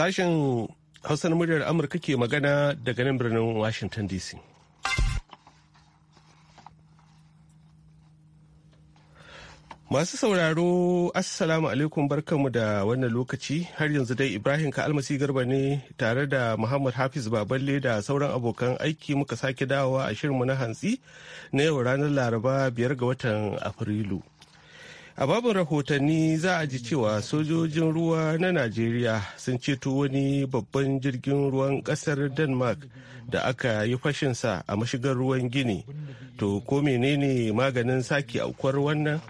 Sashen Hausar muryar Amurka ke magana daga nan birnin Washington DC. Masu sauraro, Assalamu alaikum barkanmu da wannan lokaci har yanzu dai Ibrahim ka almasi garba ne tare da Muhammad Hafiz Baballe da sauran abokan aiki muka sake dawowa a shirinmu na hantsi na yau ranar Laraba biyar ga watan Afrilu. a babu rahotanni za a ji cewa sojojin ruwa na najeriya sun ceto wani babban jirgin ruwan kasar denmark da aka yi fashinsa a mashigar ruwan gini to ko menene maganin sake aukuwar wannan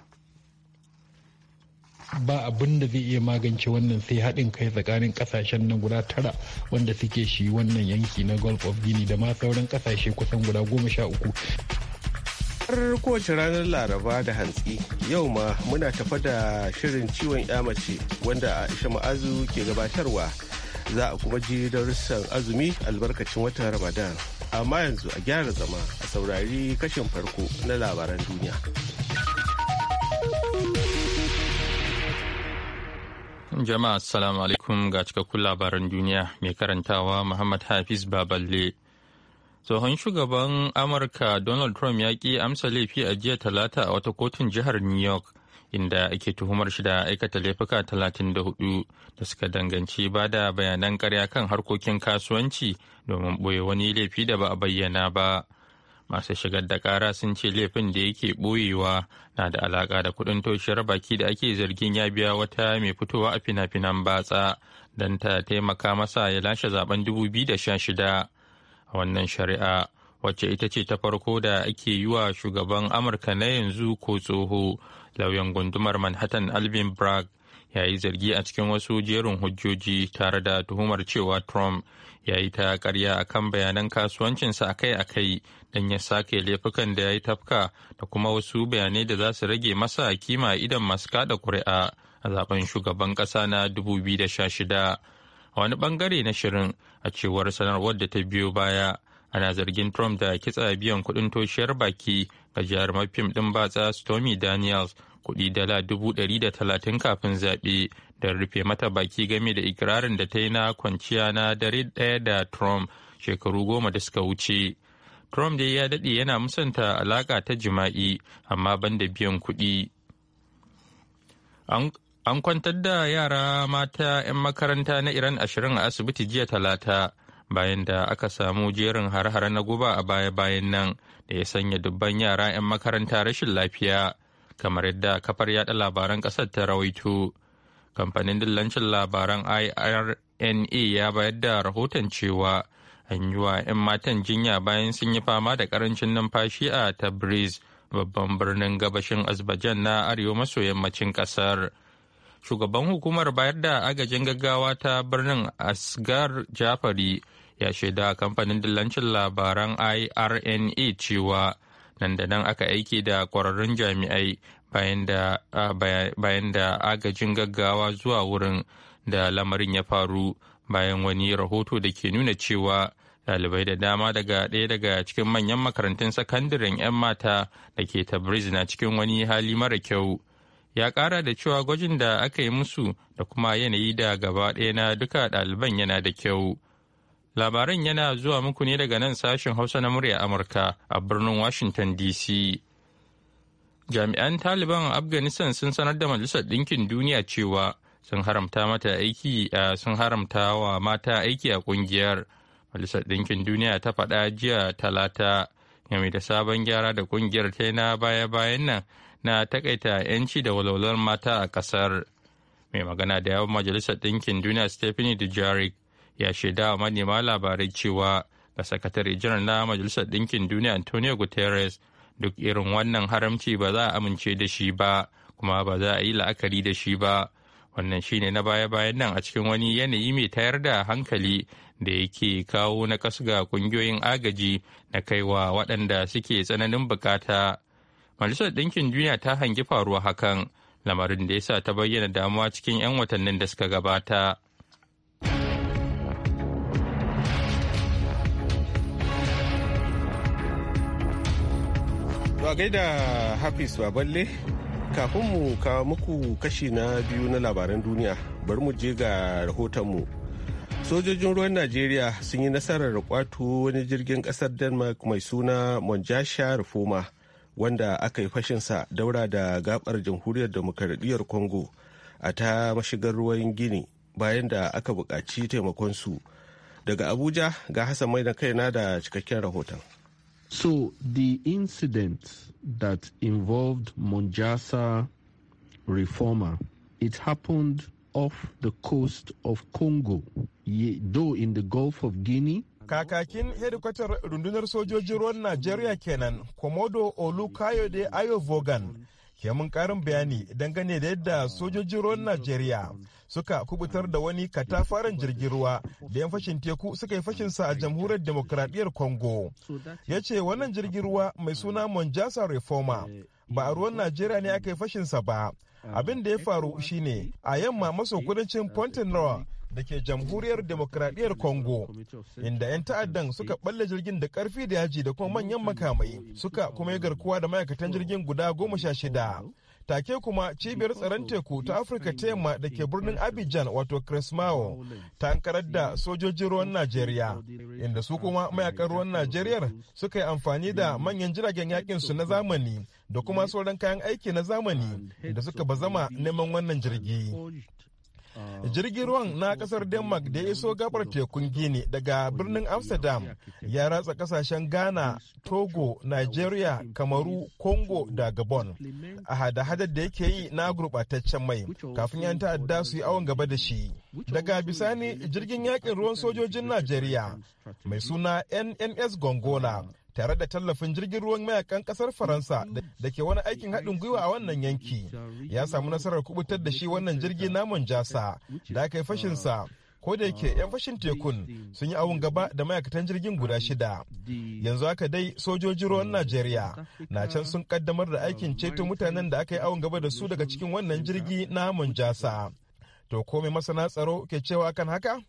ba abin da zai iya magance wannan sai haɗin kai tsakanin ƙasashen nan guda tara wanda suke shi wannan yanki na gulf of guinea da ma sauran ƙasashe kusan guda goma sha uku kamar kowace ranar laraba da hantsi yau ma muna tafa da shirin ciwon mace wanda aisha ma'azu ke gabatarwa za a kuma ji darussan azumi albarkacin watan ramadan amma yanzu a gyara zama a saurari kashin farko na labaran duniya jama'a assalamu alaikum ga cikakkun labaran duniya mai karantawa muhammad hafiz baballe tsohon shugaban amurka donald trump ya ki amsa laifi a jiya talata a wata kotun jihar new york inda ake tuhumar shi da aikata laifuka talatin da da suka danganci ba da bayanan karya kan harkokin kasuwanci domin ɓoye wani laifi da ba a bayyana ba masu shigar da kara sun ce laifin da yake ɓoyewa na da alaƙa da kuɗin toshiyar baki da ake zargin ya biya wata mai fitowa a fina-finan batsa don ta taimaka masa ya lashe zaben 2016 a wannan shari'a wacce ita ce ta farko da ake yi wa shugaban amurka na yanzu ko tsoho lauyan gundumar manhattan alvin bragg ya yi zargi a cikin wasu jerin hujjoji tare da tuhumar cewa trump ya yi ta karya a kan bayanan kasuwancinsa akai-akai don ya sake laifukan da ya yi tafka da kuma wasu bayanai da za su rage masa kima idan masu kada kuri'a a zaben shugaban ƙasa na 2016 a wani bangare na shirin a cewar sanarwar da ta biyo baya ana zargin trump da kitsa biyan kudin toshiyar baki ga jarumar fim din batsa stormy daniels kudi dala dubu dari da talatin kafin zaɓe da rufe mata baki game da ikirarin da ta yi na kwanciya na dare ɗaya da trump shekaru goma da suka wuce trump dai ya daɗe yana musanta alaƙa ta jima'i amma banda biyan kuɗi An kwantar da yara mata 'yan makaranta na Iran ashirin a asibiti jiya talata bayan da aka samu jerin har-hare na guba a baya-bayan nan da ya sanya dubban yara 'yan makaranta rashin lafiya kamar yadda kafar yada labaran ƙasar ta rawaito. Kamfanin dillancin labaran IRNA ya bayar da rahoton cewa an yi wa 'yan matan jinya bayan sun yi fama da karancin numfashi a Tabriz babban birnin gabashin Azerbaijan na arewa maso yammacin ƙasar. shugaban hukumar bayar da agajin gaggawa ta birnin asgar jafari ya shaida kamfanin dillancin labaran irna cewa nan da nan aka aiki da kwararrun jami'ai bayan da agajin gaggawa zuwa wurin da lamarin ya faru bayan wani rahoto da ke nuna cewa ɗalibai da dama daga ɗaya daga cikin manyan makarantun sakandaren 'yan mata da ke tabriz na cikin wani hali mara kyau ya kara da cewa gwajin da aka yi musu da kuma yanayi da gaba ɗaya na duka ɗaliban yana da kyau labaran yana zuwa muku ne daga nan sashen hausa na murya amurka a birnin washington dc jami'an taliban afghanistan sun sanar da majalisar ɗinkin duniya cewa sun haramta mata aiki sun haramta wa mata aiki a ƙungiyar majalisar ɗinkin duniya ta faɗa jiya talata game da sabon gyara da ƙungiyar ta na baya-bayan nan na takaita 'yanci da walwalar mata a kasar mai magana da yawan majalisar ɗinkin duniya stephanie dujarric ya shaida wa manema labarai cewa ga sakatare janar na majalisar ɗinkin duniya antonio guterres duk irin wannan haramci ba za a amince da shi ba kuma ba za a yi la'akari da shi ba wannan shine na baya-bayan nan a cikin wani yanayi mai tayar da hankali da yake kawo na kasu ga kungiyoyin agaji na kaiwa waɗanda suke tsananin bukata Majalisar Ɗinkin Duniya ta hangi faruwa hakan, lamarin da ya sa ta bayyana damuwa cikin 'yan watannin da suka gabata. Ba gaida Hafiz Baballe, kafin mu kawo muku kashi na biyu na labaran duniya, bari mu je ga rahotonmu. Sojojin ruwan Najeriya sun yi nasarar kwato wani jirgin ƙasar Denmark mai suna Monjasha Rufoma. wanda aka yi fashinsa daura da gabar jamhuriyar demokaradiyyar congo a ta mashigar ruwan gini bayan da aka buƙaci taimakonsu daga abuja ga hassan mai na kaina da cikakken rahoton so the incident that involved monjasa reformer it happened off the coast of congo though in the gulf of guinea Kakakin hedikwatar rundunar sojojin ruwan Najeriya kenan, Komodo de Ayo Vogan, ke mun karin bayani dangane da yadda sojojin ruwan Najeriya suka kubutar da wani katafaren jirgin ruwa da yan fashin teku suka yi fashinsa a jamhuriyar demokradiyyar Congo. Ya ce wannan jirgin ruwa mai suna Monjasa Reforma ba a ruwan Najeriya ne aka yi fashinsa ba. Abin da ya faru shine a yamma maso kudancin Pontin Rawa da ke jamhuriyar demokradiyyar congo inda 'yan ta'addan suka balle jirgin da karfi da yaji da kuma manyan makamai suka kuma yi garkuwa da ma'aikatan jirgin guda goma sha shida take kuma cibiyar tsaron teku ta afirka ta yamma da ke birnin abidjan wato krismao ta ankarar da sojojin ruwan najeriya inda su kuma mayakan ruwan najeriya suka yi amfani da manyan jiragen yakin su na zamani da kuma sauran kayan aiki na zamani da suka bazama neman wannan jirgi jirgin ruwan na kasar denmark da ya iso gabar tekun gini daga birnin amsterdam ya ratsa kasashen ghana togo nigeria kamaru congo da gabon a hada-hadar da yake yi na gurbataccen mai kafin yan ta'adda su yi awon gaba da shi daga bisani jirgin yakin ruwan sojojin najeriya mai suna nns gongola tare da tallafin jirgin ruwan mayakan kasar faransa da ke wani aikin haɗin gwiwa a wannan yanki ya samu nasarar kubutar da shi wannan jirgin namun jasa da aka yi fashinsa ko da yake 'yan fashin tekun sun yi awun gaba da ma'aikatan jirgin guda shida yanzu haka dai sojoji ruwan najeriya na can sun kaddamar da aikin ceto mutanen da aka yi awun gaba da su daga cikin wannan jirgi na jasa to ko mai masana tsaro ke cewa kan haka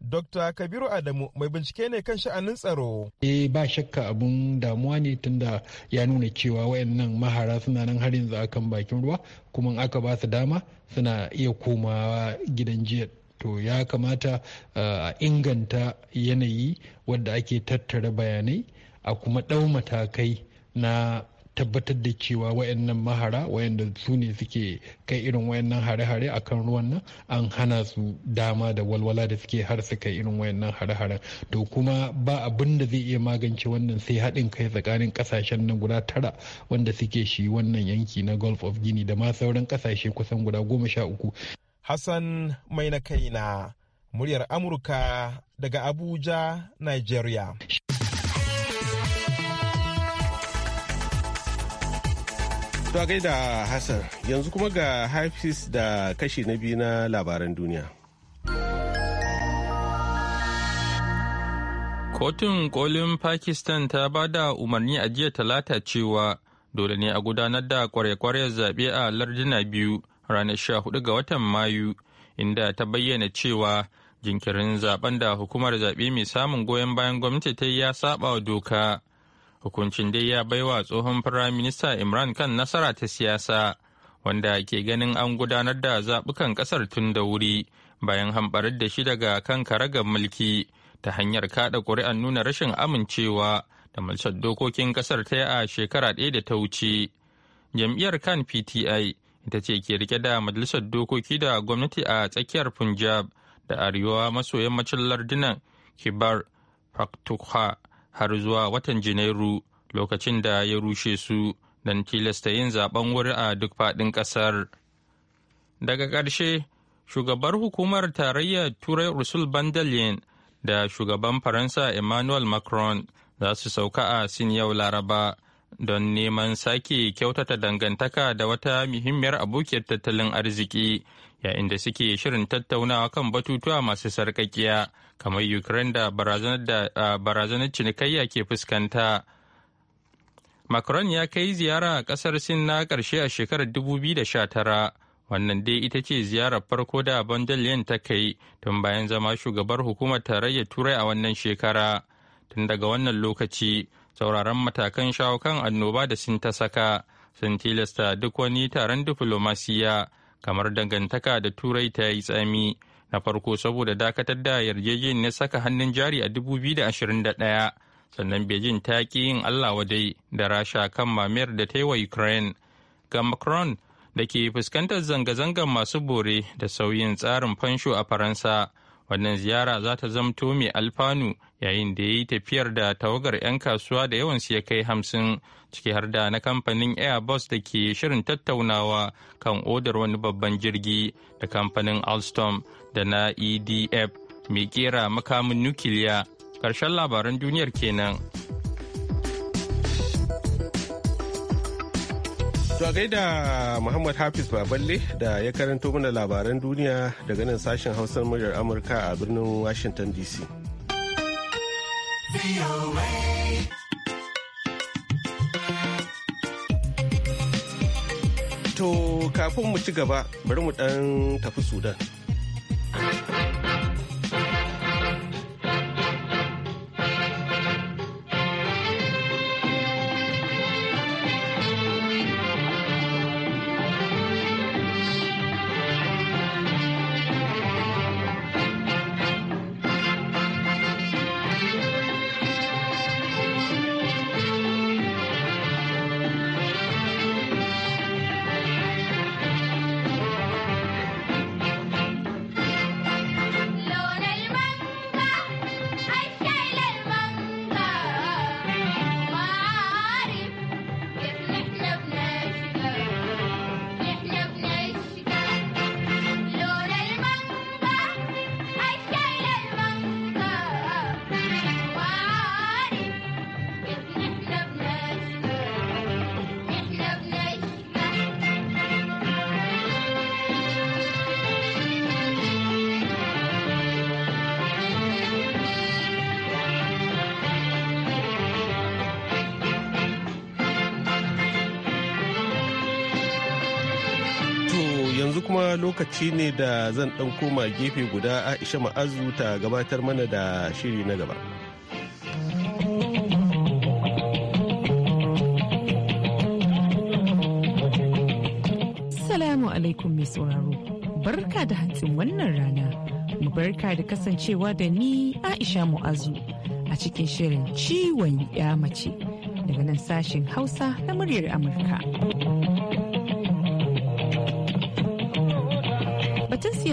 Dr. Kabiru Adamu mai bincike ne kan sha'anin tsaro. Eh ba shakka abun damuwa ne tunda ya nuna cewa wayannan mahara suna nan har yanzu akan bakin ruwa kuma aka ba su dama suna iya komawa gidan jiya to ya kamata a inganta yanayi wadda ake tattara bayanai a kuma ɗau matakai na tabbatar da cewa wayannan mahara wayanda su ne suke kai irin wayannan hare-hare a kan ruwan nan an hana su dama da walwala da suke har su kai irin wayannan hare hare to kuma ba abin da zai iya magance wannan sai haɗin kai tsakanin kasashen nan guda tara wanda suke shi wannan yanki na Gulf of Guinea da ma sauran kasashe kusan guda goma sha uku. Hassan mai na kaina muryar Amurka daga Abuja, Nigeria. To gaida Hassan yanzu kuma ga Hafiz da kashi na biyu na labaran duniya. Kotun kolin Pakistan ta ba da umarni a jiya talata cewa dole ne a gudanar da kware-kware zaɓe a lardina biyu ranar sha hudu ga watan Mayu inda ta bayyana cewa jinkirin zaben da hukumar zaɓe mai samun goyon bayan gwamnati ta yi ya saba doka. Hukuncin dai ya baiwa tsohon Firaminista Imran kan nasara ta siyasa, wanda ke ganin an gudanar da zaɓukan ƙasar tun da wuri bayan hamɓarar da shi daga kan karagar mulki ta hanyar kaɗa ƙuri'an nuna rashin amincewa da mulsar dokokin ƙasar ta yi a shekara ɗaya da ta wuce. Jam'iyyar kan PTI ita ce ke rike da majalisar dokoki da gwamnati a tsakiyar Punjab da arewa maso yammacin lardunan Kibar Pakhtunkhwa har zuwa watan Janairu lokacin da ya rushe su don tilasta yin zaben wuri a duk faɗin ƙasar. Daga ƙarshe, shugabar hukumar tarayyar Turai ursul bandalin da shugaban Faransa Emmanuel Macron za su sauka a Sin yau Laraba don neman sake kyautata dangantaka da wata muhimmiyar abokiyar tattalin arziki yayin da suke shirin tattaunawa kan batutuwa masu sarƙaƙiya. kamar ukraine da barazanar cinikayya ke fuskanta macron ya kai ziyara a kasar sin na karshe a shekarar 2019 wannan dai ita ce ziyarar farko da bandalian ta kai tun bayan zama shugabar hukumar tarayyar turai a wannan shekara tun daga wannan lokaci sauraron matakan shawo kan annoba da sin ta saka sun tilasta duk wani taron diflomasiya kamar dangantaka da turai ta yi tsami na farko saboda dakatar da yarjejeniyar saka hannun jari a 2021 sannan beijing ta ki yin allah wadai da rasha kan mamayar da ta yi wa ukraine ga macron da ke fuskantar zanga-zangar masu bore da sauyin tsarin fansho a faransa wannan ziyara za ta zamto mai alfanu yayin da ya yi tafiyar da tawagar 'yan kasuwa da yawan ya kai hamsin ciki har da na kamfanin airbus da ke shirin tattaunawa kan odar wani babban jirgi da kamfanin alstom da na edf mai kera makamin nukiliya ƙarshen labaran duniyar kenan. To a gaida Muhammad Hafiz Baballe da ya karanto mana labaran duniya daga nan sashen Hausar muryar Amurka a birnin Washington DC. To kafin mu ci gaba bari mu ɗan tafi Sudan. kuma lokaci ne da zan ɗan koma gefe guda Aisha Ma'azu ta gabatar mana da shiri na gaba. salamu alaikum mai sauraro, barka da hantsin wannan rana, mu barka da kasancewa da ni Aisha Mu'azu a cikin shirin ciwon ya mace daga nan sashen Hausa na muryar Amurka.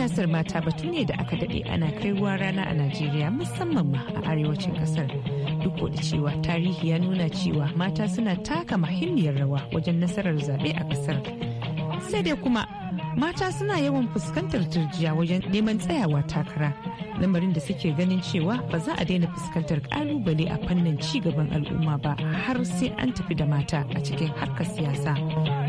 siyasar mata batu ne da aka daɗe ana kai rana a Najeriya musamman ma a arewacin ƙasar. Duk da cewa tarihi ya nuna cewa mata suna taka muhimmiyar rawa wajen nasarar zaɓe a ƙasar. Sai dai kuma mata suna yawan fuskantar turjiya wajen neman tsayawa takara. Lamarin da suke ganin cewa ba za a daina fuskantar ƙalubale a fannin ci gaban al'umma ba har sai an tafi da mata a cikin harkar siyasa.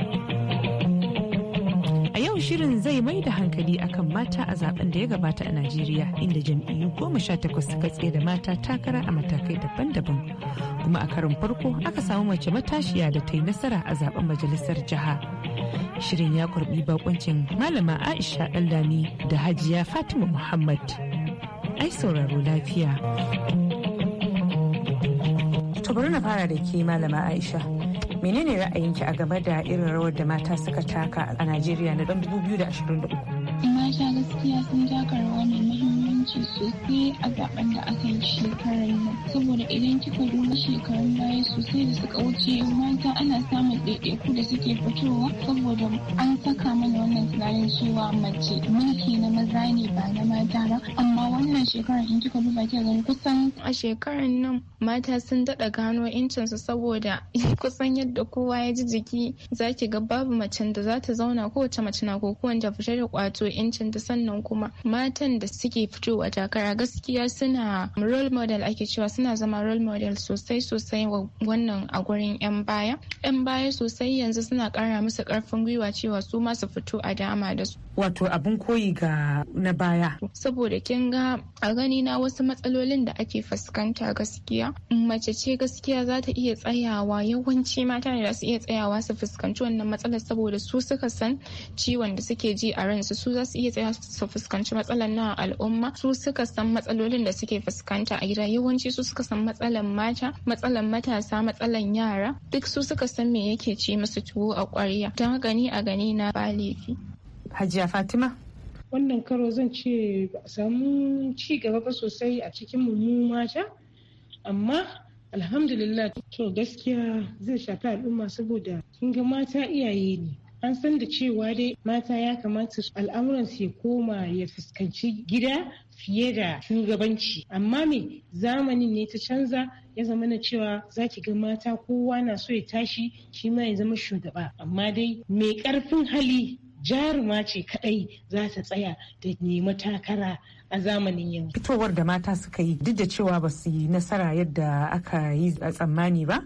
shirin zai mai da hankali akan mata a zaben da ya gabata a Najeriya inda jam'iyyu goma sha takwas suka tsaye da mata takara a matakai daban-daban. Kuma a karin farko aka samu mace matashiya da ta yi nasara a zaben majalisar jiha. Shirin ya kurbi bakuncin Malama Aisha Ɗanlami da Hajiya Fatima Muhammad. Ai sauraro lafiya. To bari na fara da ke Malama Aisha. menene ra'ayinki a game da irin rawar da mata suka taka a Najeriya na 2023 sosai a zaben da aka yi shekarar nan saboda idan kika duba shekarun baya sosai da suka wuce mata ana samun ɗaiɗaiku da suke fitowa saboda an saka mana wannan tunanin cewa mace mulki na maza ne ba na mata ba amma wannan shekarar in kika duba kika gani kusan a shekarar nan mata sun daɗa gano incinsu saboda kusan yadda kowa ya ji jiki zaki ga babu macen da za ta zauna kowace mace na kokuwan ta fita da kwato incin ta sannan kuma matan da suke fitowa ta takara gaskiya suna role model ake cewa suna zama role model sosai sosai wa wannan a gurin 'yan baya 'yan baya sosai yanzu suna kara musu karfin gwiwa cewa su masu fito a dama da su wato abin koyi ga na baya saboda kin ga a gani na wasu matsalolin da ake fuskanta gaskiya mace ce gaskiya za ta iya tsayawa yawanci mata ne za su iya tsayawa su fuskanci wannan matsalar saboda su suka san ciwon da suke ji a ransu su za su iya tsayawa su fuskanci matsalar na al'umma su suka san matsalolin da suke fuskanta a gida yawanci su suka san matsalan mata matsalan matasa matsalan yara duk su suka san me yake ci masu tuwo a kwarya. don haka ni a gani na ba laifi hajiya fatima wannan karo zan ce ba a samu ci gaba ba sosai a cikin mu mata amma alhamdulillah to gaskiya zai shafi al'umma saboda kin mata iyaye ne an san da cewa dai mata ya kamata al'amuran su koma ya fuskanci gida fiye da shugabanci amma me zamanin ne ta canza ya zama na cewa za ki ga mata kowa na so ya tashi shi ma ya zama shugaba amma dai mai karfin hali jaruma ce kadai za ta tsaya da nemi takara a zamanin yanzu. Fitowar da mata suka yi duk da cewa ba su yi nasara yadda aka yi a tsammani ba,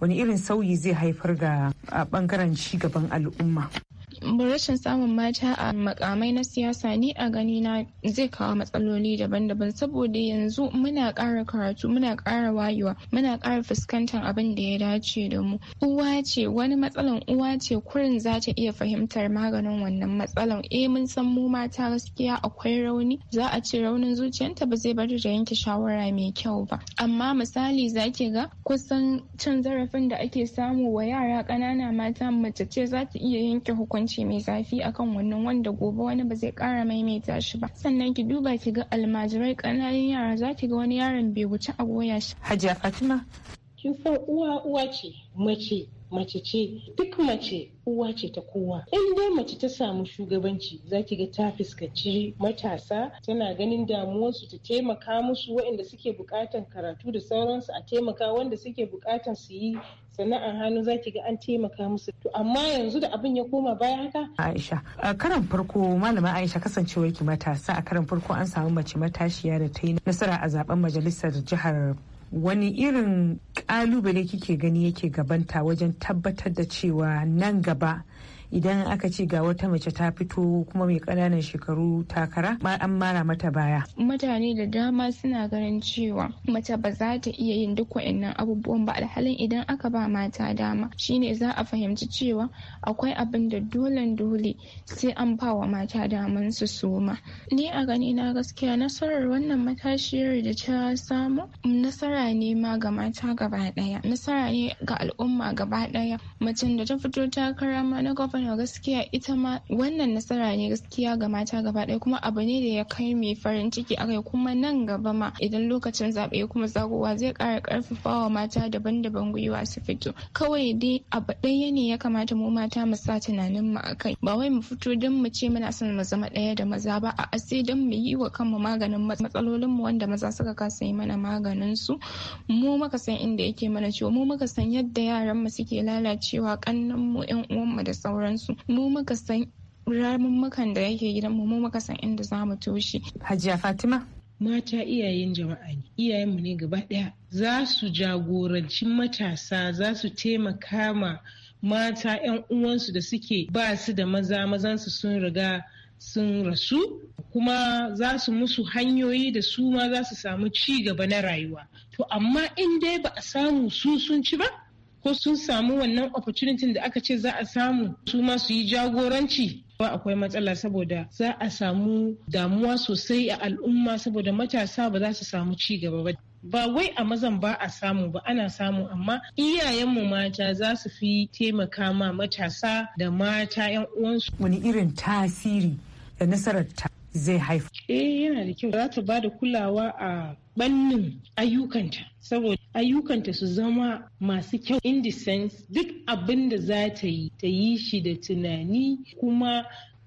wani irin sauyi zai haifar ga a bangaren gaban al'umma rashin samun mata a makamai na siyasa ne a gani na zai kawo matsaloli daban-daban saboda yanzu muna kara karatu muna kara wayewa muna kara fuskantar abin da ya dace da mu uwa ce wani matsalan uwa ce kurin za ta iya fahimtar maganin wannan matsalan eh mun san mu mata gaskiya akwai rauni za a ce raunin zuciyarta ba zai bar da yanke shawara mai kyau ba amma misali zaki ga kusan cin zarafin da ake samu wa yara ƙanana mata mace ce za ta iya yanke hukunci ce mai zafi akan wannan wanda gobe wani ba zai kara maimaita shi ba sannan ki duba ki ga almajirai ƙananan yara za ki ga wani yaron bai wuce a goya shi hajiya fatima kin san uwa uwa ce mace mace ce duk mace uwa ce ta kowa in dai mace ta samu shugabanci za ki ga ta fuskanci matasa tana ganin damuwarsu ta taimaka musu waɗanda suke buƙatan karatu da sauransu a taimaka wanda suke buƙatan su yi sana'ar hannu za ki ga an taimaka musu to amma yanzu da abin ya koma baya haka Aisha a karan farko malama Aisha kasancewar ki matasa a karan farko an samu mace matashiya da ta yi nasara a zaben majalisar jihar wani irin kalubale kike gani yake gabanta wajen tabbatar da cewa nan gaba idan aka ce ga wata mace ta fito kuma mai ƙananan shekaru takara an mara mata baya. Mutane da dama suna ganin cewa mace ba za ta iya yin duk wa'annan abubuwan ba alhalin idan aka ba mata dama shine za a fahimci cewa akwai abin da dolen dole sai an ba wa mata daman su soma. Ni a gani na gaskiya nasarar wannan matashiyar da ta samu nasara ne ma ga mata gaba ɗaya nasara ne ga al'umma gaba ɗaya macen da ta fito takara ma na gwamnati Kano gaskiya ita ma wannan nasara ne gaskiya ga mata gaba ɗaya kuma abu ne da ya kai mai farin ciki a kai kuma nan gaba ma idan lokacin zaɓe kuma zagowa zai ƙara wa mata daban-daban gwiwa su fito kawai dai abu ɗaya ne ya kamata mu mata mu sa tunanin mu a kai ba wai mu fito don mu ce muna son mu zama ɗaya da maza ba a sai don mu yi wa kanmu maganin matsalolin mu wanda maza suka kasa yi mana maganin su mu muka san inda yake mana ciwo mu muka san yadda yaran mu suke lalacewa kannan mu ƴan uwan mu da sauran sauransu mu muka san ramummukan da yake gidan mu mu muka san inda za mu toshe hajiya fatima mata iyayen jama'a ne iyayenmu ne gaba ɗaya za su jagoranci matasa za su taimaka ma mata 'yan uwansu da suke ba su da maza mazansu sun riga sun rasu kuma za su musu hanyoyi da su ma za su samu ci gaba na rayuwa to amma in dai ba a samu su sun ci ba ko sun samu wannan opportunity da aka ce za a samu su ma su yi jagoranci ba akwai matsala saboda za a samu damuwa sosai a al'umma saboda matasa ba za su samu ci gaba ba ba wai a mazan ba a samu ba ana samu amma iyayenmu mata za su fi taimaka ma matasa da mata 'yan uwansu wani irin tasiri da nasarar ta zai haifa eh yana da kyau za ta ba da kulawa a Bannin ayyukanta saboda ayyukanta su zama masu kyau in the sense duk abin da za ta yi ta yi shi da tunani kuma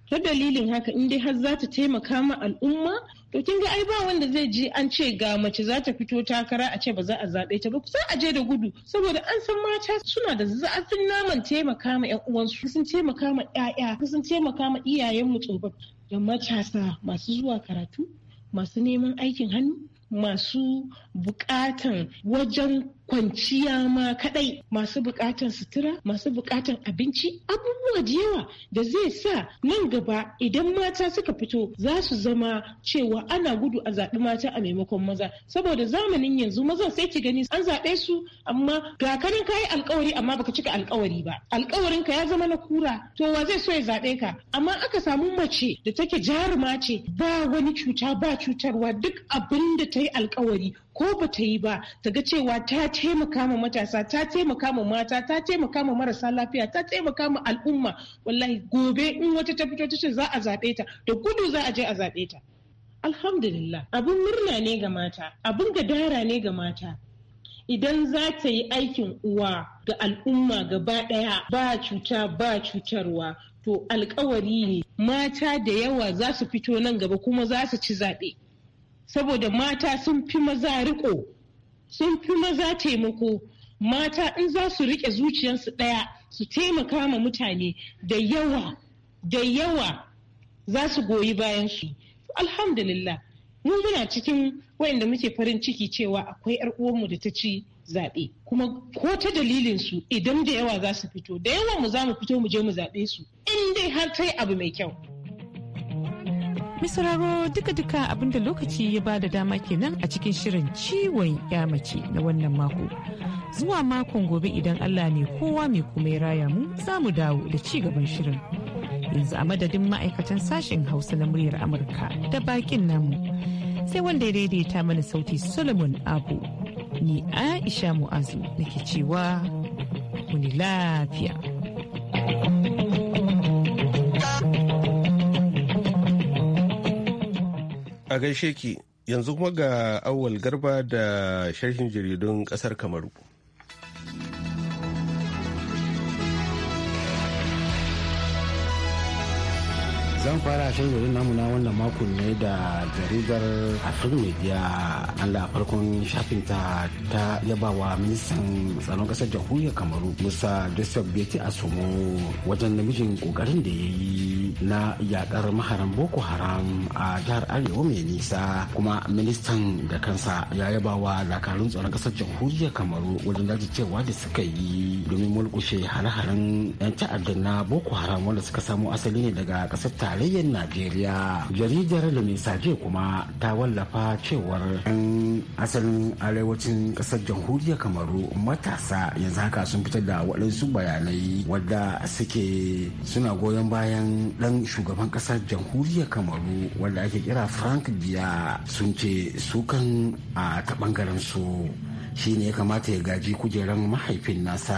ta dalilin haka in dai har za ta taimaka ma al'umma to kin ga ai ba wanda zai je an ce ga mace za ta fito takara a ce ba za a zaɓe ta ba kusa a je da gudu saboda an san mata suna da zafin naman taimaka ma ƴan uwansu sun taimaka ma ƴaƴa sun taimaka ma iyayen mu tsofaffi da matasa masu zuwa karatu masu neman aikin hannu masu bukatan wajen kwanciya ma kadai masu bukatan sutura masu bukatan abinci abubuwa da yawa da zai sa nan gaba idan mata suka fito za su zama cewa ana gudu a zaɓi mata a maimakon maza saboda zamanin yanzu maza sai ki gani an zaɓe su amma ga kanin kayi alkawari amma baka cika alkawari ba alkawarin ka ya zama na kura to wa zai so ya zaɓe ka amma aka samu mace da take jaruma ce ba wani cuta ba cutarwa duk abin da ta yi alkawari ko ba ta yi ba ta ga cewa ta taimaka ma matasa ta taimaka ma mata ta taimaka ma marasa lafiya ta taimaka ma al'umma wallahi gobe in wata ta fito ta ce za a zaɓe ta da gudu za a je a zaɓe ta alhamdulillah abun murna ne ga mata abun gadara ne ga mata idan za ta yi aikin uwa ga al'umma gaba ɗaya. ba cuta ba cutarwa to alkawari ne mata da yawa za su fito nan gaba kuma za su ci zaɓe saboda mata sun fi maza riko sun fi maza taimako mata in za su rike zuciyarsu ɗaya su taimaka ma mutane da yawa da yawa za su goyi bayan su alhamdulillah mu muna cikin wayanda muke farin ciki cewa akwai yar uwanmu da ta ci zaɓe kuma ko ta dalilin su idan da yawa za su fito da yawa mu za mu fito mu je mu zaɓe su in dai har ta yi abu mai kyau Mai duka-duka abinda lokaci ya ba da dama kenan a cikin shirin ciwon ya mace na wannan mako. Zuwa makon gobe idan Allah ne kowa mai kuma ya raya mu za mu dawo da ci gaban shirin. Yanzu a madadin ma'aikatan sashen Hausa na muryar Amurka da bakin namu. Sai wanda ya daidaita mana sauti Solomon Abu. Ni Aisha Mu'azu nake cewa thank lafiya. A gaishe ki yanzu kuma ga awwal garba da sharhin jaridun kasar Kamaru. zan fara shan jaridar namu na wannan makon ne da jaridar afrik media allah farkon shafin ta ta yabawa ministan tsaron kasar jamhuriyar kamaru musa joseph beti sumo wajen namijin kokarin da ya yi na yakar maharan boko haram a jihar arewa mai nisa kuma ministan da kansa ya yabawa dakarun tsaron kasar jamhuriyar kamaru wajen cewa da suka yi domin mulkushe hare-haren 'yan ta'addan na boko haram wanda suka samo asali ne daga kasar tare tarayyar najeriya jaridar lumisaje kuma ta wallafa cewar yan asalin arewacin kasar jamhuriyar kamaru matasa yanzu haka sun fitar da waɗansu bayanai wadda suke suna goyon bayan ɗan shugaban kasar jamhuriyar kamaru wadda ake kira frank biya sun ce sukan a ta ɓangaren su shi ne ya kamata ya gaji kujeran mahaifin nasa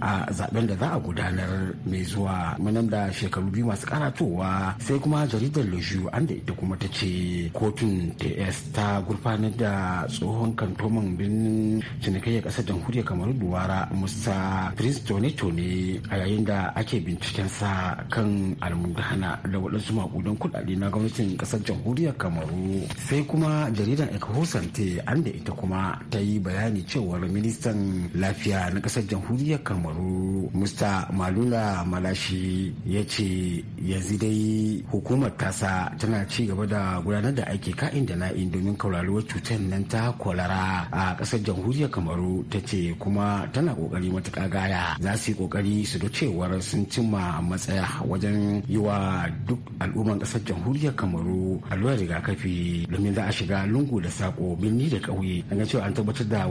a zaben da za a gudanar mai zuwa manan da shekaru biyu masu karatowa sai kuma jaridar lojiyu an da ita kuma ta ce kotun ts ta gurfanar da tsohon kantoman birnin cinikayya kasar jamhuriyar kamaru duwara musa prince tone tone a yayin da ake bincikensa kan almudana da waɗansu makudan kuɗaɗe na gwamnatin kasar jamhuriyar kamaru sai kuma jaridar ekahosante an da ita kuma ta yi bayani bayani cewar ministan lafiya na kasar jamhuriyar kamaru musta malula malashi ya ce yanzu dai hukumar tasa tana ci gaba da gudanar da aiki ka'in da na'in domin kauraruwar cutar nan ta kwalara a kasar jamhuriyar kamaru ta ce kuma tana kokari matuka gaya za su yi kokari su da cewar sun cimma matsaya wajen yi wa duk al'umman kasar jamhuriyar kamaru allurar rigakafi domin za a shiga lungu da sako birni da ƙauye an cewa an tabbatar da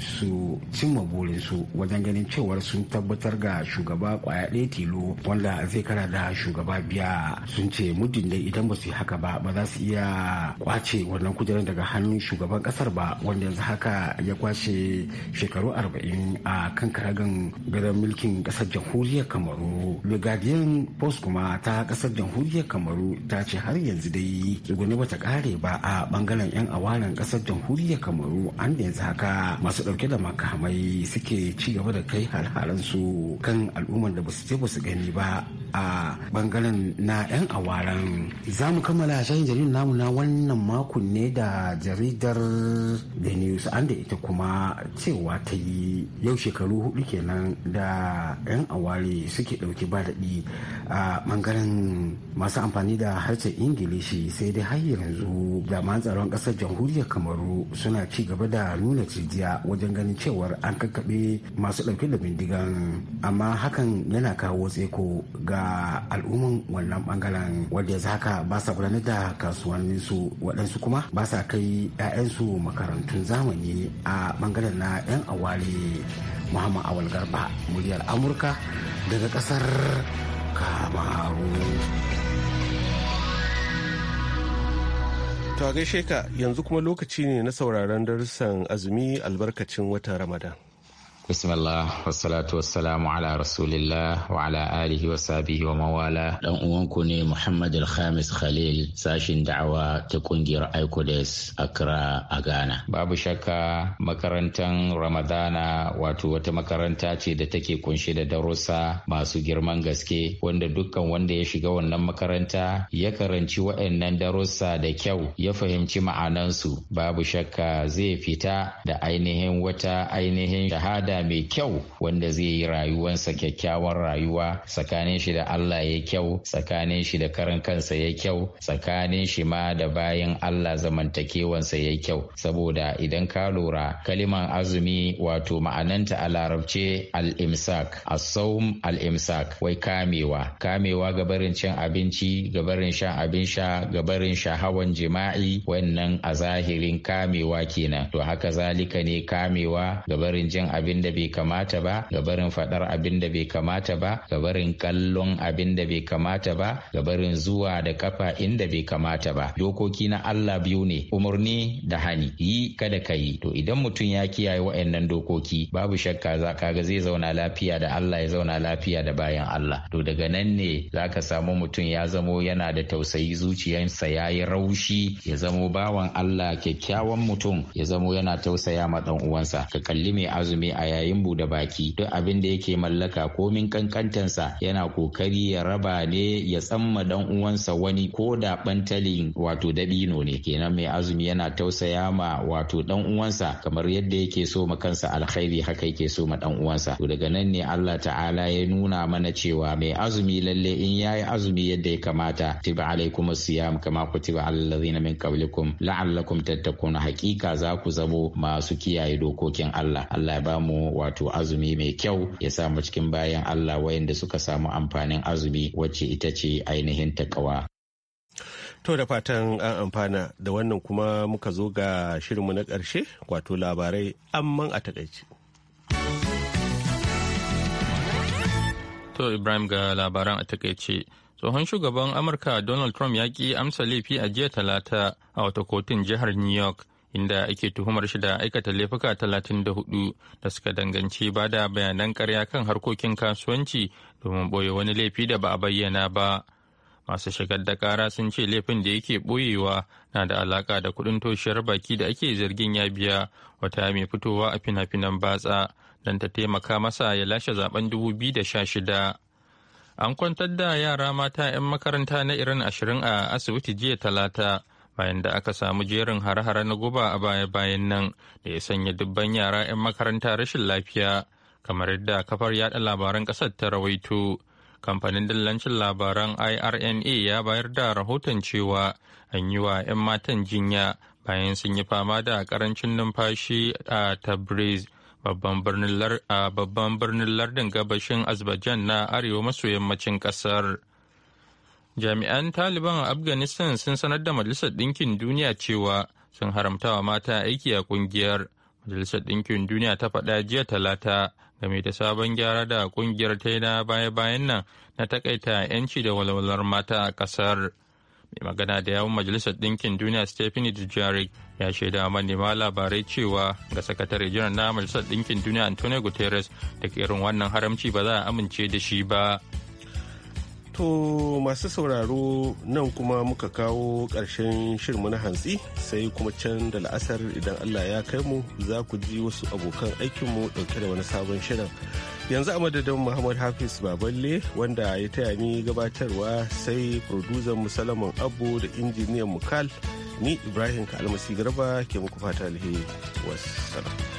su cimma burinsu wajen ganin cewar sun tabbatar ga shugaba kwaya ɗaya tilo wanda zai kara da shugaba biya sun ce muddin da idan ba su yi haka ba ba za su iya kwace wannan kujerar daga hannun shugaban ƙasar ba wanda yanzu haka ya kwace shekaru arba'in a kan karagan gadon mulkin kasar jamhuriyar kamaru the guardian kuma ta ƙasar jamhuriyar kamaru ta ce har yanzu dai tsuguni bata kare ba a bangaren yan awanan ƙasar jamhuriyar kamaru an da yanzu haka masu dauke da makamai suke ci gaba da kai hare kan al'ummar da ba su je ba su gani ba a bangaren na 'yan awaran za mu kammala shayin jaridar namu na wannan makon ne da jaridar the news an da ita kuma cewa ta yi yau shekaru hudu kenan da 'yan aware suke dauki ba daɗi a bangaren masu amfani da harshen ingilishi sai dai har yanzu jami'an tsaron ƙasar jamhuriyar kamaru suna ci gaba da nuna cijiya wajen ganin cewar an kakkaɓe masu ɗauke da bindigan amma hakan yana kawo tseko ga ga al'umman wannan bangaren wanda ya haka ba sa gudanar da kasuwannin waɗansu kuma ba sa kai 'ya'yansu makarantun zamani a bangaren na 'yan awali muhammad awal garba muryar amurka daga ƙasar kamaru ta gaishe ka yanzu kuma lokaci ne na sauraron darussan azumi albarkacin wata ramadan bismillah wassalatu wassalamu ala rasulillah wa ala alihi wa wa mawala dan uwanku ne muhammad al-khamis khalil sashin da'awa ta kungiyar a accra a ghana babu shakka makarantar ramadana wato wata makaranta ce da take kunshe da darussa masu girman gaske wanda dukkan wanda ya shiga wannan makaranta ya karanci waɗannan darussa da kyau ya fahimci ma'anansu babu shakka zai fita da ainihin wata ainihin shahada mai kyau wanda zai yi rayuwansa kyakkyawan rayuwa tsakanin shi da Allah ya kyau tsakanin shi da karan kansa ya kyau tsakanin shi ma da bayan Allah zamantakewansa ya kyau saboda idan ka lura kaliman azumi wato ma'ananta a larabce al-imsak as-sawm al-imsak wai kamewa kamewa ga barin cin abinci ga barin shan abin sha ga barin shahawan jima'i wannan a zahirin kamewa kenan to haka zalika ne kamewa ga barin jin abin da da bai kamata ba ga barin faɗar abin da bai kamata ba ga barin kallon abin da bai kamata ba ga barin zuwa da kafa inda bai kamata ba dokoki na Allah biyu ne umarni da hani yi kada ka yi to idan mutum ya kiyaye wa'annan dokoki babu shakka za ka ga zai zauna lafiya da Allah ya zauna lafiya da bayan Allah to daga nan ne za ka samu mutum ya zamo yana da tausayi zuciyarsa ya yi raushi ya zamo bawan Allah kyakkyawan mutum ya zamo yana tausaya ma dan uwansa ka kalli mai azumi a yayin bude baki duk abin da yake mallaka komin kankantansa yana kokari ya raba ne ya tsamma dan uwansa wani ko da bantalin wato dabino ne kenan mai azumi yana tausaya ma wato dan uwansa kamar yadda yake so ma kansa alkhairi haka yake so ma dan uwansa to daga nan ne Allah ta'ala ya nuna mana cewa mai azumi lalle in yayi azumi yadda ya kamata tiba alaikum siyam kama kutiba alal ladzina min qablikum la'allakum tattaquna hakika za ku zamo masu kiyaye dokokin Allah Allah ya bamu wato azumi mai kyau ya samu cikin bayan Allah wayanda suka samu amfanin azumi wacce ita ce ainihin takawa. To da fatan an amfana da wannan kuma muka zo ga shirinmu na ƙarshe wato labarai amman a takaici. To Ibrahim ga labaran a takaice. Tsohon shugaban Amurka Donald Trump ya ƙi amsa laifi a jiya talata a wata kotun jihar New York. inda ake tuhumar shi da aikata laifuka talatin da hudu da suka danganci ba da bayanan karya kan harkokin kasuwanci domin ɓoye wani laifi da ba a bayyana ba masu shigar da kara sun ce laifin da yake ɓoyewa na da alaka da kuɗin toshiyar baki da ake zargin ya biya wata mai fitowa a fina-finan batsa don ta taimaka masa ya lashe zaben 2016 an kwantar da yara mata 'yan makaranta na irin ashirin a asibiti jiya talata bayan da aka samu jerin har hare na guba a baya-bayan nan da ya sanya dubban yara 'yan makaranta rashin lafiya kamar yadda kafar yada labaran kasar ta rawaito kamfanin dillancin labaran irna ya bayar da rahoton cewa an yi wa 'yan matan jinya bayan sun yi fama da karancin numfashi a tabriz babban birnin lardin gabashin azerbaijan na arewa maso yammacin kasar jami'an taliban a afghanistan sun sanar da majalisar ɗinkin duniya cewa sun haramtawa mata aiki a ƙungiyar majalisar ɗinkin duniya ta faɗa jiya talata game da sabon gyara da ƙungiyar ta na baya-bayan nan na takaita 'yanci da walwalar mata a ƙasar mai magana da yawun majalisar ɗinkin duniya stephanie dujaric ya shaida manema labarai cewa ga sakatare jiran na majalisar ɗinkin duniya antonio guterres da irin wannan haramci ba za a amince da shi ba To masu sauraro nan kuma muka kawo ƙarshen shirmu na hantsi sai kuma can da la'asar idan Allah ya kai mu za ku ji wasu abokan aikinmu ɗauke da wani sabon shirin. Yanzu a madadin Muhammad Hafiz Baballe wanda ya taya ni gabatarwa sai producer musalaman Abu da injiniyan Mukal ni Ibrahim Kalmasi Garba ke muku fata alheri. Wassalam.